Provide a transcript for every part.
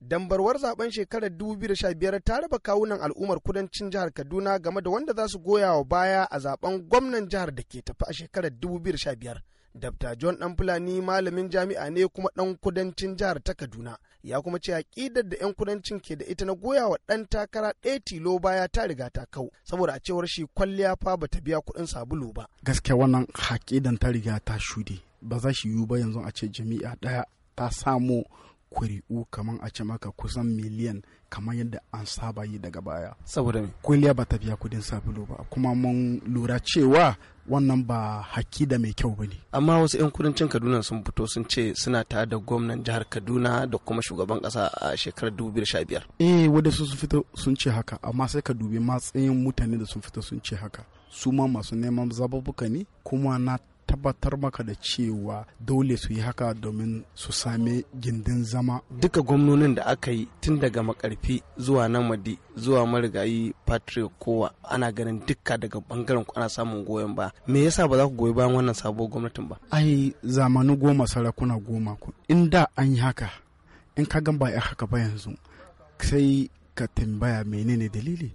dambarwar zaben shekarar 2015 ta raba kawunan al'ummar kudancin jihar kaduna game da wanda za su goya wa baya a zaben gwamnan jihar da ke tafi a shekarar 2015 dr. John Dan Fulani malamin jami'a ne kuma dan kudancin jihar ta Kaduna ya kuma ce aƙidar da 'yan kudancin ke da ita na goya wa ɗan takara ɗaya tilo baya ta riga ta kau saboda a cewar shi kwalliya fa ba ta biya kuɗin sabulu ba. Gaskiya wannan haƙidan ta riga ta shuɗe ba za shi yiwu ba yanzu a ce jami'a ɗaya ta samu kuri'u kamar a ce maka kusan miliyan kamar yadda an saba yi daga baya saboda me kwaliya ba ta biya kudin sabulu ba kuma mun lura cewa wannan ba haki da mai kyau bane amma wasu 'yan kudancin kaduna sun fito sun ce suna tare da gwamnan jihar kaduna da kuma shugaban kasa a shekarar 2015 eh wadda sun fito sun ce haka amma sai ka dubi matsayin mutane da sun fito sun ce haka su ma masu neman zababuka ne kuma na tabbatar maka da cewa dole su yi haka domin su sami gindin zama duka gwamnonin da aka yi tun daga makarfi zuwa namadi zuwa marigayi patrick kowa ana ganin duka daga bangaren ana samun goyon ba me yasa ba za ku goyi bayan wannan sabuwar gwamnatin ba ai zamanu goma sarakuna goma in da an yi haka in ka gan ba haka ba yanzu sai ka tambaya menene dalili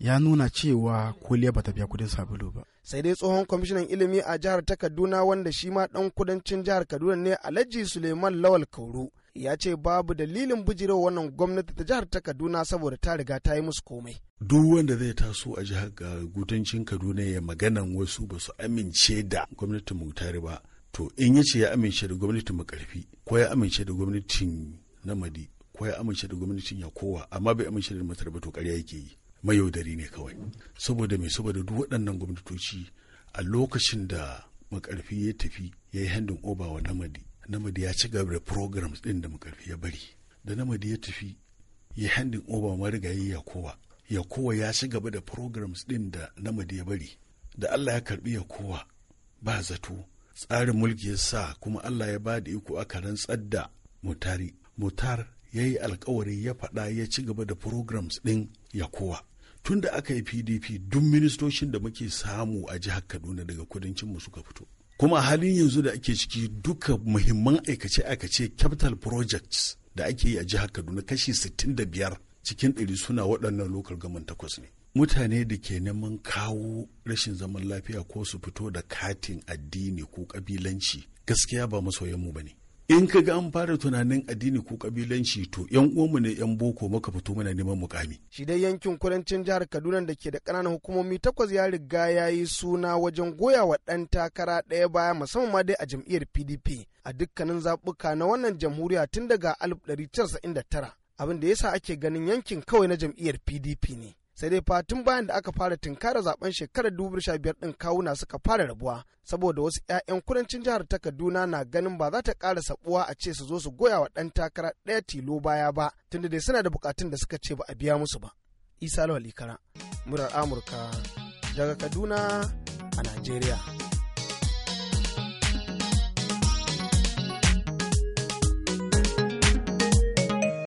ya nuna cewa koliya ba ta biya kudin sabulu ba. Sai dai tsohon kwamishinan ilimi a jihar ta Kaduna wanda shi ma ɗan kudancin jihar Kaduna ne Alhaji Suleiman Lawal Kauru ya ce babu dalilin bijiro wannan gwamnati ta jihar ta Kaduna saboda ta riga ta yi musu komai. Duk wanda zai taso a jihar gudancin Kaduna ya maganan wasu ba su amince da gwamnatin tare ba. To in ya ce ya amince da gwamnatin karfi ko ya amince da gwamnatin Namadi ko ya amince da gwamnatin Yakowa amma bai amince da Matar ba to karya yake yi. mayaudari ne kawai saboda mai saboda duk waɗannan gwamnatoci a lokacin da makarfi ya tafi ya yi handin oba wa namadi namadi ya ci gaba da programs ɗin da makarfi ya bari da namadi ya tafi ya yi handin oba marigayi ya kowa ya kowa ya ci gaba da programs ɗin da namadi ya bari da allah ya karbi ya kowa ba zato tsarin mulki ya sa kuma allah ya ba da iko aka rantsar da mutari mutar ya yi alkawari ya faɗa ya ci gaba da programs ɗin ya kowa tun da aka yi pdp duk ministocin da muke samu a jihar kaduna daga kudancinmu suka fito kuma halin yanzu da ake ciki duka muhimman aikace-aikace capital projects da ake yi a jihar kaduna kashi 65 cikin ɗari suna waɗannan local government takwas ne mutane da ke neman kawo rashin zaman lafiya ko su fito da katin addini ko kabilanci gaskiya ba masoyanmu ba ne in ka ga an fara tunanin addini ko kabilanci to yan uwanmu ne yan boko muka fito muna neman mukami shi dai yankin kudancin jihar kaduna da ke da ƙananan hukumomi takwas ya riga ya yi suna wajen goya wa ɗan takara ɗaya baya musamman ma dai a jam'iyyar pdp a dukkanin zaɓuka na wannan jamhuriya tun daga 1999 abin da yasa ake ganin yankin kawai na jam'iyyar pdp ne sai dai fatin bayan da aka fara tunkara zaben shekarar 2015 din kawuna suka fara rabuwa saboda wasu 'ya'yan kudancin jihar ta kaduna na ganin ba za ta ƙara sabuwa a ce su zo su goya wa ɗan takara ɗaya tilo baya ba tunda dai suna da bukatun da suka ce ba a biya musu ba isa lawal ikara murar amurka daga kaduna a najeriya